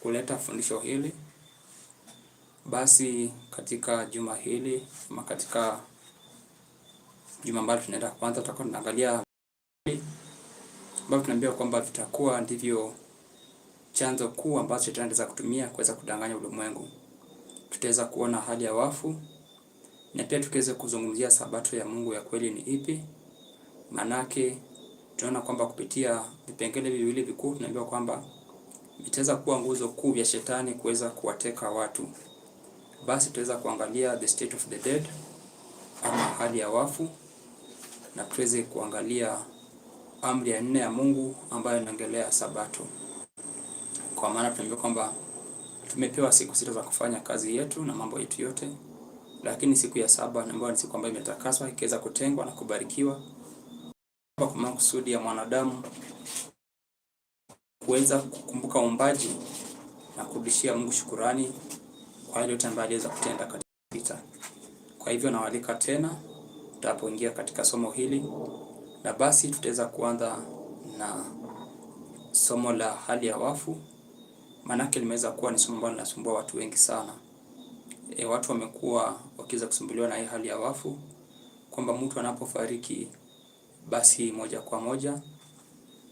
kuleta fundisho hili, basi katika juma hili ama katika juma ambalo tunaenda kwanza, tutakuwa tunaangalia ambavyo tunaambiwa kwamba vitakuwa ndivyo chanzo kuu ambacho shetani anaweza kutumia kuweza kudanganya ulimwengu. Tutaweza kuona hali ya wafu na pia tukiweza kuzungumzia sabato ya Mungu ya kweli ni ipi. Manake tunaona kwamba kupitia vipengele viwili vikuu tunaambiwa kwamba itaweza kuwa nguzo kuu vya shetani kuweza kuwateka watu. Basi tutaweza kuangalia the state of the dead ama hali ya wafu, na tuweze kuangalia amri ya nne ya Mungu ambayo inaongelea Sabato, kwa maana tunaambiwa kwamba tumepewa siku sita za kufanya kazi yetu na mambo yetu yote, lakini siku ya saba ambayo ni siku ambayo imetakaswa, ikiweza kutengwa na kubarikiwa kwa makusudi ya mwanadamu kuweza kukumbuka uumbaji na kurudishia Mungu shukurani kwa yale yote ambayo aliweza kutenda katika vita. Kwa hivyo nawaalika tena tutapoingia katika somo hili, na basi tutaweza kuanza na somo la hali ya wafu, maanake limeweza kuwa ni somo ambalo linasumbua watu wengi sana. E, watu wamekuwa wakiweza kusumbuliwa na hii hali ya wafu kwamba mtu anapofariki basi moja kwa moja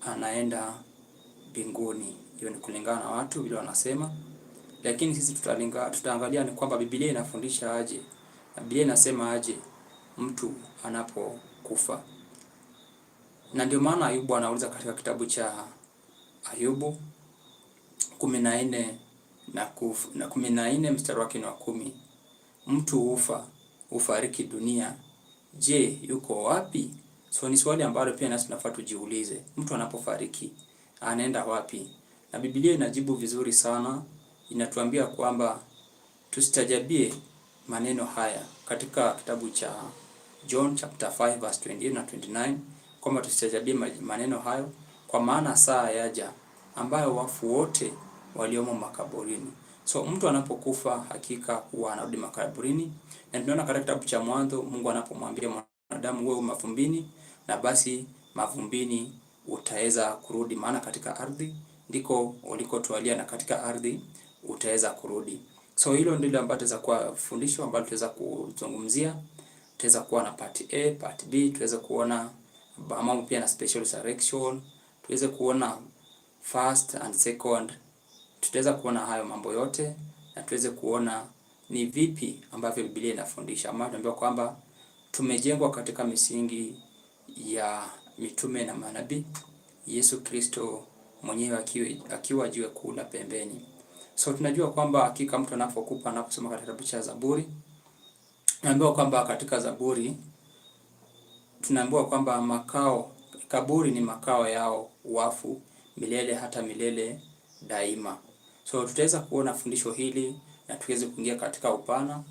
anaenda mbinguni. Hiyo ni kulingana na watu vile wanasema, lakini sisi tutalinga, tutaangalia ni kwamba Biblia inafundisha aje, na Biblia inasema aje mtu anapokufa. Na ndio maana Ayubu anauliza katika kitabu cha Ayubu 14 na nne na kumi na nne mstari wake ni wa kumi, mtu hufa hufariki dunia, je, yuko wapi? So ni swali ambalo pia nasi tunafaa tujiulize, mtu anapofariki anaenda wapi? Na Biblia inajibu vizuri sana, inatuambia kwamba tusitajabie maneno haya katika kitabu cha John chapter 5 verse 28 na 29, kwamba tusitajabie maneno hayo, kwa maana saa yaja ambayo wafu wote waliomo makaburini. So mtu anapokufa hakika huwa anarudi makaburini, na tunaona katika kitabu cha Mwanzo Mungu anapomwambia mwanadamu, wewe umavumbini na basi mavumbini utaweza kurudi, maana katika ardhi ndiko ulikotwalia na katika ardhi utaweza kurudi. So hilo ndilo ambalo tutaweza kuwa fundisho ambalo tutaweza kuzungumzia. Tutaweza kuwa na part A, part B, tutaweza kuona mambo pia na special resurrection, tuweze kuona first and second. Tutaweza kuona hayo mambo yote na tuweze kuona ni vipi ambavyo Biblia inafundisha. ama tunaambiwa kwamba tumejengwa katika misingi ya mitume na manabii, Yesu Kristo mwenyewe akiwa jiwe kuu pembeni. So tunajua kwamba hakika mtu anapokupa anaposoma katika kitabu cha Zaburi, tunaambiwa kwamba katika Zaburi tunaambiwa kwamba makao kaburi ni makao yao wafu milele hata milele daima. So tutaweza kuona fundisho hili na tuweze kuingia katika upana,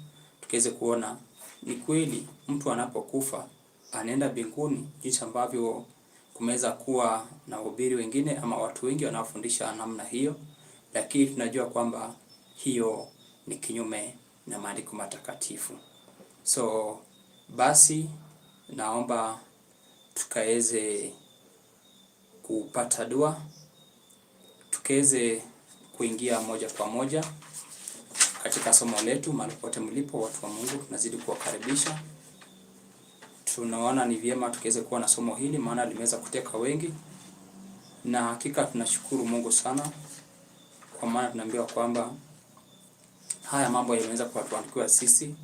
tukiweze kuona ni kweli mtu anapokufa anaenda mbinguni, jinsi ambavyo kumeweza kuwa na wahubiri wengine ama watu wengi wanaofundisha namna hiyo, lakini tunajua kwamba hiyo ni kinyume na maandiko matakatifu. So basi naomba tukaweze kupata dua, tukaweze kuingia moja kwa moja katika somo letu. Mahali popote mlipo, watu wa Mungu, tunazidi kuwakaribisha tunaona ni vyema tukiweze kuwa na somo hili, maana limeweza kuteka wengi, na hakika tunashukuru Mungu sana, kwa maana tunaambiwa kwamba haya mambo yameweza kuwatuandikiwa sisi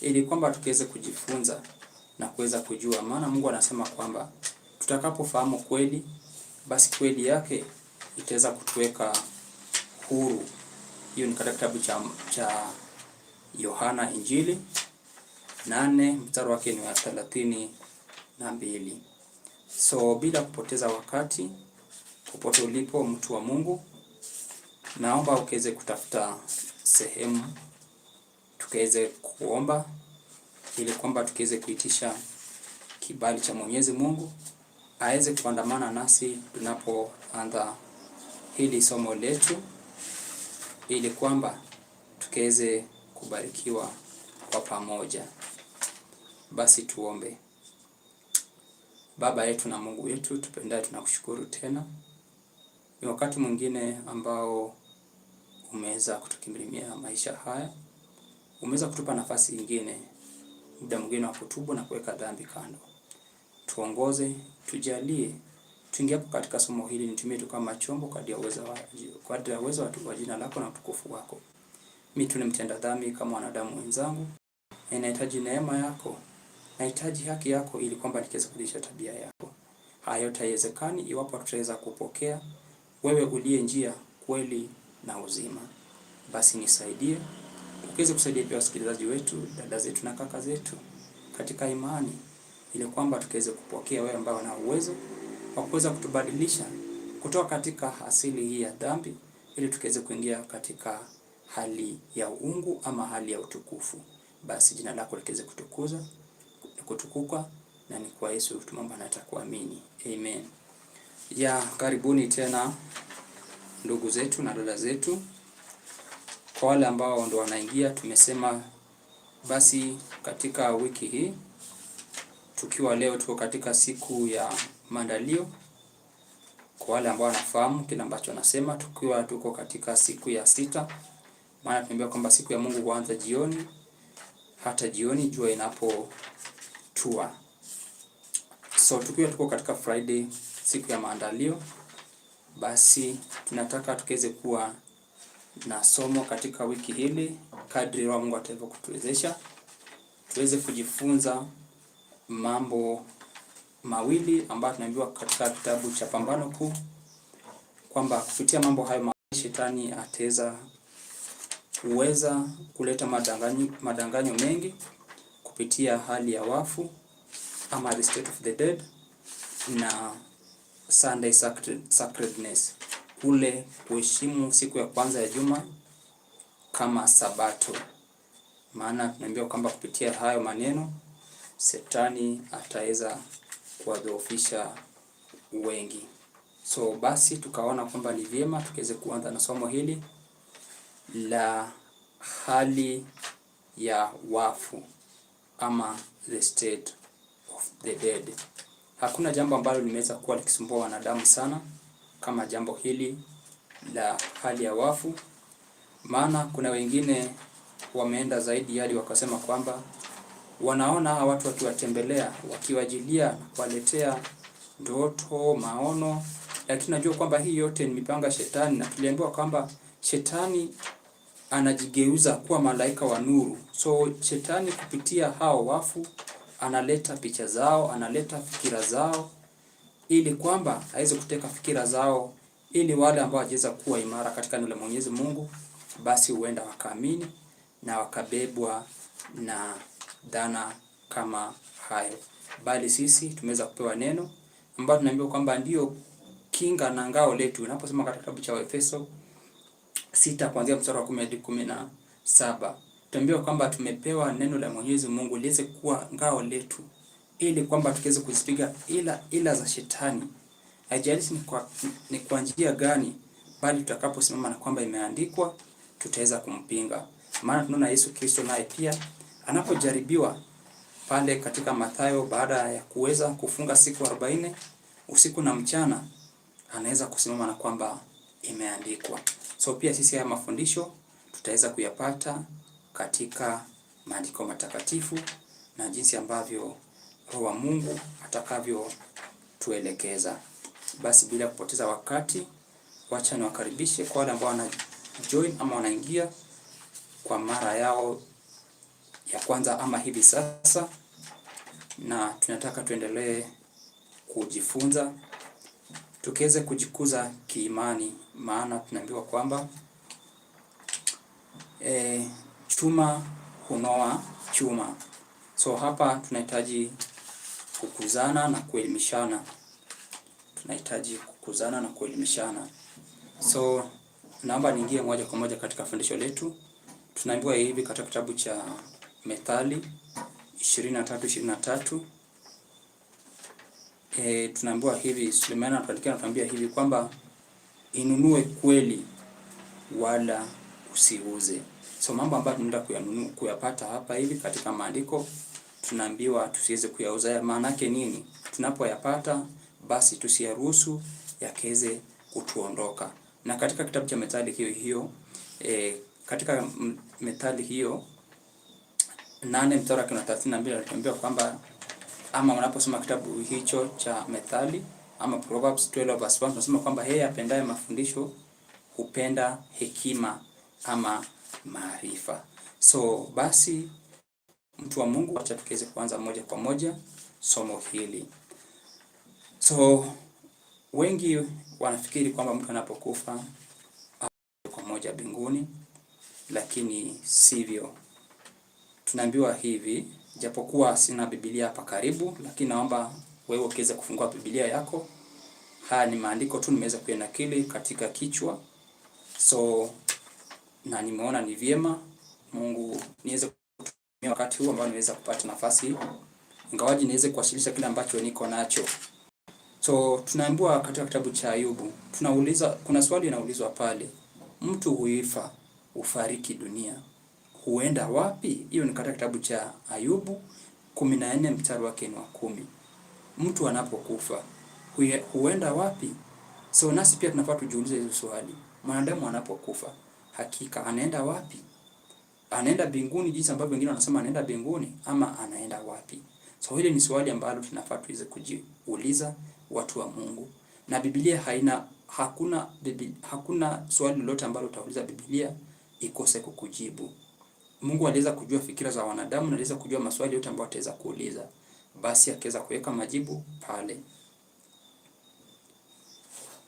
ili kwamba tukiweze kujifunza na kuweza kujua, maana Mungu anasema kwamba tutakapofahamu kweli, basi kweli yake itaweza kutuweka huru. Hiyo ni katika kitabu cha Yohana Injili nane mstari wake ni wa thelathini na mbili. So bila kupoteza wakati, popote ulipo mtu wa Mungu, naomba ukiweze kutafuta sehemu tukaweze kuomba ili kwamba tukiweze kuitisha kibali cha Mwenyezi Mungu aweze kuandamana nasi tunapoanza hili somo letu, ili kwamba tukiweze kubarikiwa kwa pamoja. Basi tuombe. Baba yetu na Mungu wetu tupendaye, tunakushukuru tena, ni wakati mwingine ambao umeweza kutukimbilia maisha haya, umeweza kutupa nafasi nyingine, muda mwingine wa kutubu na kuweka dhambi kando. Tuongoze, tujalie, tuingie hapo katika somo hili, nitumie tu kama chombo kadri ya uwezo wa kadri ya uwezo wa jina lako na utukufu wako. Mimi tu ni mtenda dhambi kama wanadamu wenzangu, ninahitaji neema yako nahitaji haki yako ili kwamba nikiweza kubadilisha tabia yako. Hayo yote haiwezekani iwapo tutaweza kupokea wewe uliye njia, kweli na uzima. Basi nisaidie, ukiweza kusaidia pia wasikilizaji wetu, dada zetu na kaka zetu katika imani, ili kwamba tukiweze kupokea wewe ambao una uwezo wa kuweza kutubadilisha kutoka katika asili hii ya dhambi, ili tukiweze kuingia katika hali ya uungu ama hali ya utukufu. Basi jina lako likiweze kutukuza kutukukwa na ni kwa Yesu tumomba na atakuamini. Amen. Ya, karibuni tena ndugu zetu na dada zetu. Kwa wale ambao ndo wanaingia, tumesema basi katika wiki hii tukiwa leo tuko katika siku ya maandalio. Kwa wale ambao wanafahamu kile ambacho anasema, tukiwa tuko katika siku ya sita, maana tumeambiwa kwamba siku ya Mungu huanza jioni, hata jioni jua inapo tour. So tukiwa tuko katika Friday, siku ya maandalio, basi tunataka tukiweze kuwa na somo katika wiki hili, kadri Roho Mungu kutuwezesha tuweze kujifunza mambo mawili ambayo tunaambiwa katika kitabu cha Pambano Kuu kwamba kupitia mambo hayo mawili shetani ataweza uweza kuleta madanganyo, madanganyo mengi kupitia hali ya wafu ama the state of the dead na Sunday sacred, sacredness kule kuheshimu siku ya kwanza ya juma kama Sabato, maana tunaambiwa kwamba kupitia hayo maneno setani ataweza kuwadhoofisha wengi. So basi tukaona kwamba ni vyema tukiweze kuanza na somo hili la hali ya wafu ama the state of the dead. Hakuna jambo ambalo limeweza kuwa likisumbua wanadamu sana kama jambo hili la hali ya wafu, maana kuna wengine wameenda zaidi hadi wakasema kwamba wanaona hawa watu wakiwatembelea, wakiwajilia kuwaletea ndoto, maono, lakini najua kwamba hii yote ni mipango ya shetani, na tuliambiwa kwamba shetani anajigeuza kuwa malaika wa nuru. So shetani kupitia hao wafu analeta picha zao, analeta fikira zao, ili kwamba aweze kuteka fikira zao, ili wale ambao wajeza kuwa imara katika neno la Mwenyezi Mungu, basi huenda wakaamini na wakabebwa na dhana kama hayo. Bali sisi tumeweza kupewa neno ambalo tunaambiwa kwamba ndio kinga na ngao letu. unaposema katika kitabu cha Waefeso sita kuanzia mstari wa kumi hadi kumi na saba tuambiwa kwamba tumepewa neno la Mwenyezi Mungu liweze kuwa ngao letu, ili kwamba tukiweze kuzipiga ila ila za shetani, haijalishi ni kwa ni kwa njia gani, bali tutakaposimama na kwamba imeandikwa tutaweza kumpinga. Maana tunaona Yesu Kristo naye pia anapojaribiwa pale katika Mathayo, baada ya kuweza kufunga siku 40 usiku na mchana, anaweza kusimama na kwamba imeandikwa. So pia sisi haya mafundisho tutaweza kuyapata katika maandiko matakatifu na jinsi ambavyo Roho wa Mungu atakavyotuelekeza. Basi bila kupoteza wakati, wacha niwakaribishe kwa wale ambao wana join ama wanaingia kwa mara yao ya kwanza ama hivi sasa, na tunataka tuendelee kujifunza tukiweze kujikuza kiimani, maana tunaambiwa kwamba e, chuma hunoa chuma. So hapa tunahitaji kukuzana na kuelimishana, tunahitaji kukuzana na kuelimishana. So naomba niingie moja kwa moja katika fundisho letu. Tunaambiwa hivi katika kitabu cha Methali na 23, e, tunaambiwa hivi Sulemana anatuandikia anatuambia hivi kwamba inunue kweli wala usiuze. So mambo ambayo tunaenda kuyanunua kuyapata hapa hivi katika maandiko tunaambiwa tusiweze kuyauza. Maana yake nini? Tunapoyapata basi tusiyaruhusu yakeze kutuondoka. Na katika kitabu cha Methali hiyo hiyo e, katika Methali hiyo nane mtara kuna 32 anatuambia kwamba ama unaposoma kitabu hicho cha Methali ama Proverbs 12 verse 1 tunasema kwamba yeye apendaye mafundisho hupenda hekima ama maarifa. So basi, mtu wa Mungu, acha tukiweze kuanza moja kwa moja somo hili. So wengi wanafikiri kwamba mtu anapokufa kwa moja mbinguni, lakini sivyo. Tunaambiwa hivi japokuwa sina Biblia hapa karibu, lakini naomba wewe ukiweza kufungua Biblia yako. Haya ni maandiko tu nimeweza kuyanakili katika kichwa, so na nimeona ni vyema Mungu niweze kutumia wakati huu ambao niweza kupata nafasi, ingawaji niweze kuwasilisha kile ambacho niko nacho. So tunaambiwa katika kitabu cha Ayubu, tunauliza kuna swali inaulizwa pale, mtu huifa ufariki dunia huenda wapi? Hiyo ni katika kitabu cha Ayubu 14 mstari wake ni wa kumi. Mtu anapokufa huenda wapi? So nasi pia tunafaa tujiulize hizo swali. Mwanadamu anapokufa hakika anaenda wapi? Anaenda mbinguni jinsi ambavyo wengine wanasema anaenda mbinguni ama anaenda wapi? So hili ni swali ambalo tunafaa tuweze kujiuliza watu wa Mungu. Na Biblia haina hakuna bibi, hakuna swali lolote ambalo utauliza Biblia ikose kukujibu. Mungu aliweza kujua fikira za wanadamu na aliweza kujua maswali yote ambayo ataweza kuuliza, basi akaweza kuweka majibu pale.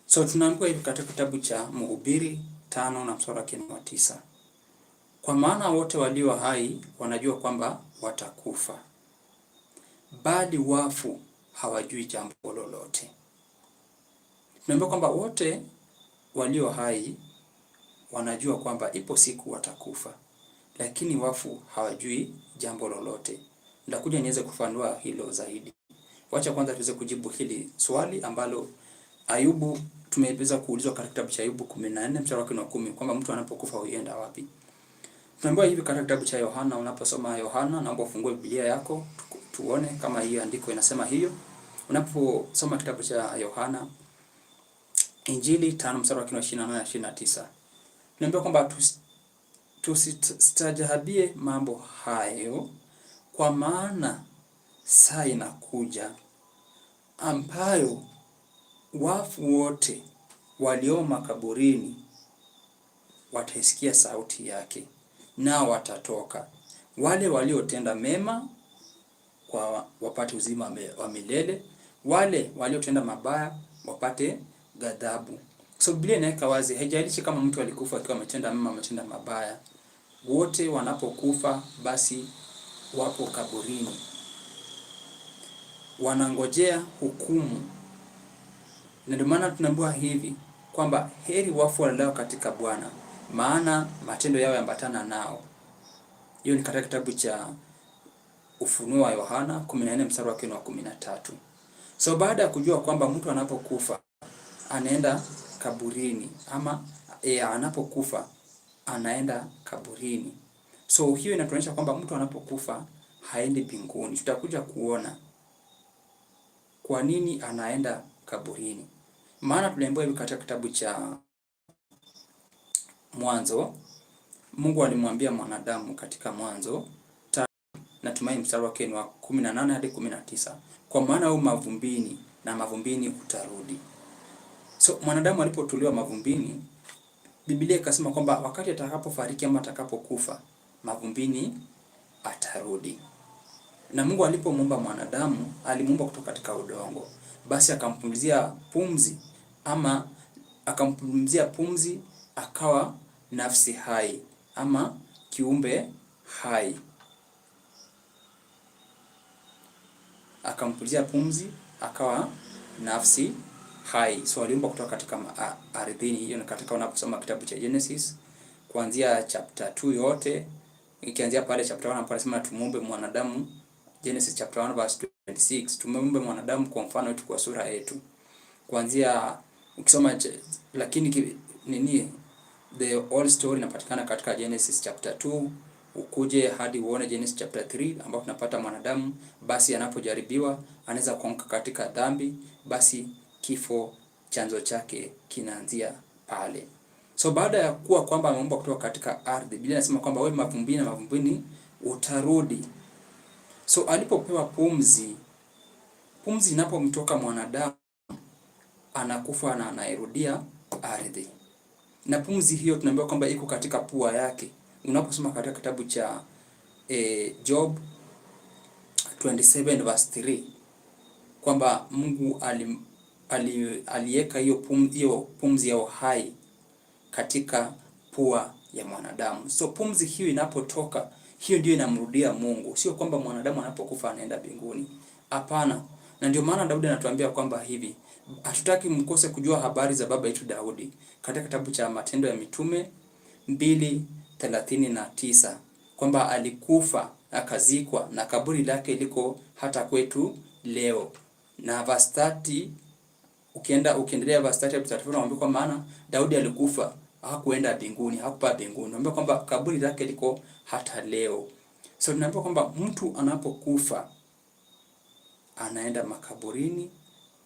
So tunaambiwa hivi katika kitabu cha Mhubiri tano na mstari wake wa tisa, kwa maana wote walio hai wanajua kwamba watakufa, bali wafu hawajui jambo lolote. Tunaambiwa kwamba wote walio hai wanajua kwamba ipo siku watakufa lakini wafu hawajui jambo lolote. Nitakuja niweze kufanua hilo zaidi. Wacha kwanza tuweze kujibu hili swali ambalo Ayubu tumeweza kuulizwa katika kitabu cha Ayubu 14 mstari wa 10 kwamba mtu anapokufa huenda wapi? Tunaambiwa hivi katika kitabu cha Yohana, unaposoma Yohana, naomba ufungue Biblia yako tuone kama hiyo andiko inasema hiyo. Unaposoma kitabu cha Yohana Injili 5 mstari wa 28 29. Tunaambiwa kwamba Tusistaajabie mambo hayo, kwa maana saa inakuja ambayo wafu wote walio makaburini wataisikia sauti yake, nao watatoka, wale waliotenda mema kwa wapate uzima wa milele, wale waliotenda mabaya wapate ghadhabu. Kwa sababu Biblia inaweka wazi, haijalishi kama mtu alikufa akiwa ametenda mema, ametenda mabaya, wote wanapokufa basi wapo kaburini, wanangojea hukumu. Na ndio maana tunaambiwa hivi kwamba heri wafu walalao katika Bwana, maana matendo yao yambatana nao. Hiyo ni katika kitabu cha Ufunuo wa Yohana 14 mstari wa 13. So baada ya kujua kwamba mtu anapokufa anaenda kaburini ama e, anapokufa anaenda kaburini. So hiyo inatuonyesha kwamba mtu anapokufa haendi mbinguni. Tutakuja kuona kwa nini anaenda kaburini, maana tuliambiwa hivi katika kitabu cha Mwanzo, Mungu alimwambia mwanadamu katika Mwanzo natumai mstari wake ni wa kumi hadi kumi na tisa kwa maana u mavumbini na mavumbini utarudi. So mwanadamu alipotuliwa mavumbini, Biblia ikasema kwamba wakati atakapofariki ama atakapokufa, mavumbini atarudi. Na Mungu alipomuumba mwanadamu, alimuumba kutoka katika udongo, basi akampumzia pumzi ama akampumzia pumzi, akawa nafsi hai ama kiumbe hai, akampumzia pumzi, akawa nafsi hai. So aliumba kutoka katika ardhini, hiyo ni katika unaposoma kitabu cha Genesis kuanzia chapter 2 yote, ikianzia pale chapter 1 ambapo anasema tumuombe mwanadamu, Genesis chapter 1 verse 26, tumuombe mwanadamu kwa mfano wetu, kwa sura yetu. Kuanzia ukisoma lakini nini, the whole story inapatikana katika Genesis chapter 2 ukuje hadi uone Genesis chapter 3 ambapo tunapata mwanadamu basi anapojaribiwa anaweza kuanguka katika dhambi, basi kifo chanzo chake kinaanzia pale. So baada ya kuwa kwamba ameumbwa kutoka katika ardhi, Biblia inasema kwamba wewe mavumbini na mavumbini utarudi. So alipopewa pumzi, pumzi inapomtoka mwanadamu anakufa na anairudia ardhi, na pumzi hiyo tunaambiwa kwamba iko katika pua yake. Unaposoma katika kitabu cha e, Job 27 verse 3 kwamba Mungu alim aliweka hiyo pumzi, hiyo pumzi ya uhai katika pua ya mwanadamu. So pumzi hiyo inapotoka, hiyo ndio inamrudia Mungu, sio kwamba mwanadamu anapokufa anaenda mbinguni. Hapana. Na ndio maana Daudi anatuambia kwamba hivi, hatutaki mkose kujua habari za baba yetu Daudi katika kitabu cha Matendo ya Mitume 2:39 kwamba alikufa akazikwa na kaburi lake liko hata kwetu leo na vastati ukienda ukiendelea verse 30 hadi 34 unaambiwa maana Daudi alikufa hakuenda mbinguni, hakupaa mbinguni. Unaambiwa kwamba kaburi lake liko hata leo. So tunaambiwa kwamba mtu anapokufa anaenda makaburini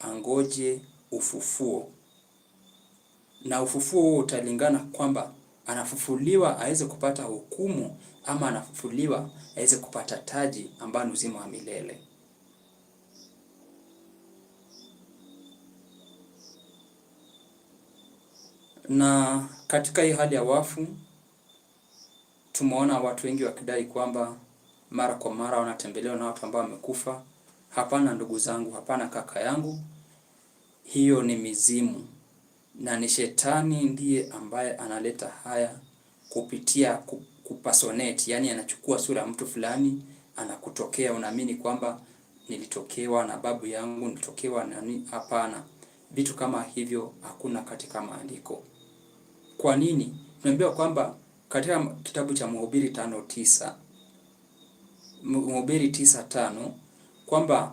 angoje ufufuo, na ufufuo huo utalingana kwamba anafufuliwa aweze kupata hukumu ama anafufuliwa aweze kupata taji ambayo ni uzima wa milele. Na katika hii hali ya wafu tumeona watu wengi wakidai kwamba mara kwa mara wanatembelewa na watu ambao wamekufa. Hapana ndugu zangu, hapana kaka yangu, hiyo ni mizimu na ni shetani ndiye ambaye analeta haya kupitia kupasoneti yani anachukua sura ya mtu fulani anakutokea, unaamini kwamba nilitokewa na babu yangu, nilitokewa nani? Hapana, vitu kama hivyo hakuna katika maandiko. Kwa nini? Tunaambiwa kwamba katika kitabu cha Mhubiri tano tisa Mhubiri tisa tano kwamba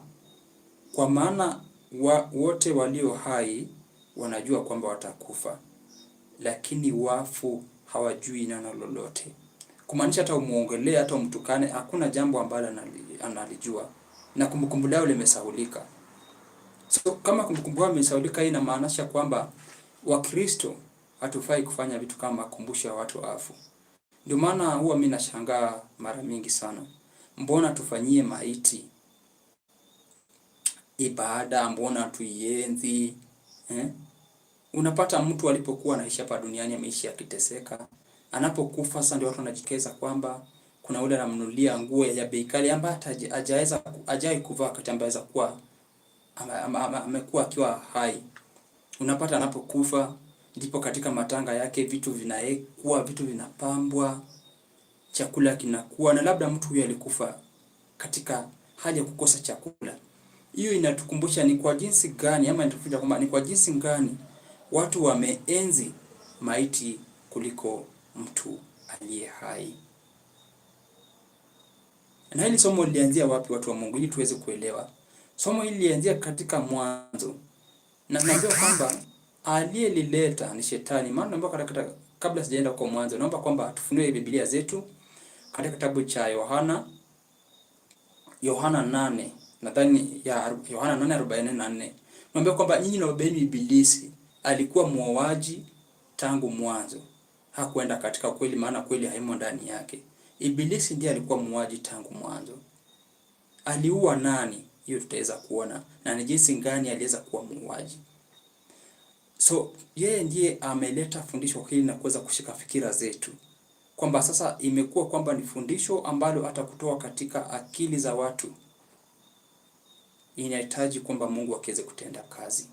kwa maana wa, wote walio hai wanajua kwamba watakufa, lakini wafu hawajui neno lolote. Kumaanisha hata umuongelee hata umtukane, hakuna jambo ambalo analijua na kumbukumbu lao limesahulika. So kama kumbukumbu lao limesahulika, hii inamaanisha kwamba Wakristo hatufai kufanya vitu kama makumbusho ya watu wafu. Ndio maana huwa mimi nashangaa mara mingi sana, mbona tufanyie maiti ibada, mbona tuienzi eh? Unapata mtu alipokuwa anaishi hapa duniani ameishi akiteseka, anapokufa sasa ndio watu wanajikeza kwamba kuna yule anamnulia nguo ya bei kali ambaye hajaweza hajai kuvaa wakati ambaye aweza kuwa amekuwa akiwa hai. Unapata anapokufa ndipo katika matanga yake vitu vinaekwa, vitu vinapambwa, chakula kinakuwa, na labda mtu huyo alikufa katika hali ya kukosa chakula. Hiyo inatukumbusha ni kwa jinsi gani ama inatukumbusha kwamba ni kwa jinsi gani watu wameenzi maiti kuliko mtu aliye hai. Na hili somo lilianzia wapi, watu wa Mungu, ili tuweze kuelewa? Somo hili lilianzia katika Mwanzo, na naambiwa kwamba aliyelileta ni shetani. Maana naomba katika, kabla sijaenda kwa mwanzo, naomba kwamba tufunue Biblia zetu katika kitabu cha Yohana Yohana 8 nadhani ya Yohana 8:44. Naomba kwamba nyinyi naobeeni Ibilisi, alikuwa muoaji tangu mwanzo, hakuenda katika kweli, maana kweli haimo ndani yake. Ibilisi ndiye alikuwa muoaji tangu mwanzo. Aliua nani? Hiyo tutaweza kuona na ni jinsi gani aliweza kuwa muuaji. So yeye ndiye ameleta fundisho hili na kuweza kushika fikira zetu, kwamba sasa imekuwa kwamba ni fundisho ambalo hata kutoa katika akili za watu inahitaji kwamba Mungu akiweze kutenda kazi.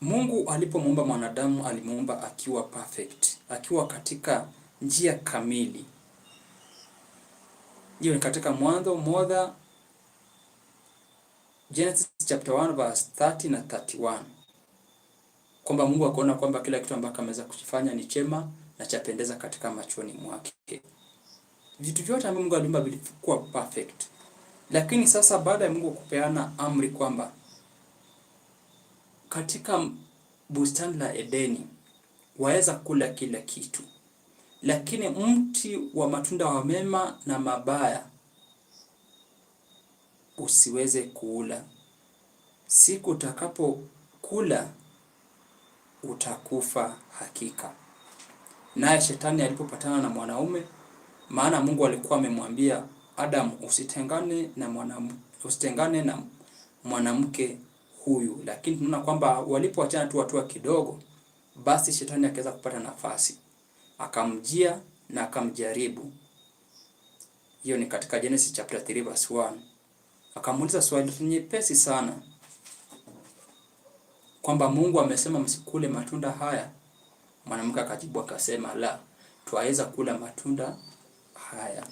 Mungu alipomuumba mwanadamu alimuumba akiwa perfect, akiwa katika njia kamili. Hiyo ni katika Mwanzo moja Genesis chapter 1 verse 30 na 31, kwamba Mungu akaona kwamba kila kitu ambacho ameweza kukifanya ni chema na chapendeza katika machoni mwake. Vitu vyote ambavyo Mungu aliumba vilikuwa perfect, lakini sasa baada ya Mungu kupeana amri kwamba katika bustani la Edeni waweza kula kila kitu, lakini mti wa matunda wa mema na mabaya usiweze kuula. Siku utakapokula utakufa hakika. Naye shetani alipopatana na mwanaume, maana Mungu alikuwa amemwambia Adamu, usitengane na mwanamke, usitengane na mwanamke huyu. Lakini tunaona kwamba walipoachana tu hatua kidogo, basi shetani akaweza kupata nafasi, akamjia na akamjaribu. Hiyo ni katika Genesis chapter 3 verse 1 akamuuliza swali nyepesi sana kwamba Mungu amesema msikule matunda haya. Mwanamke akajibu akasema, la, twaweza kula matunda haya.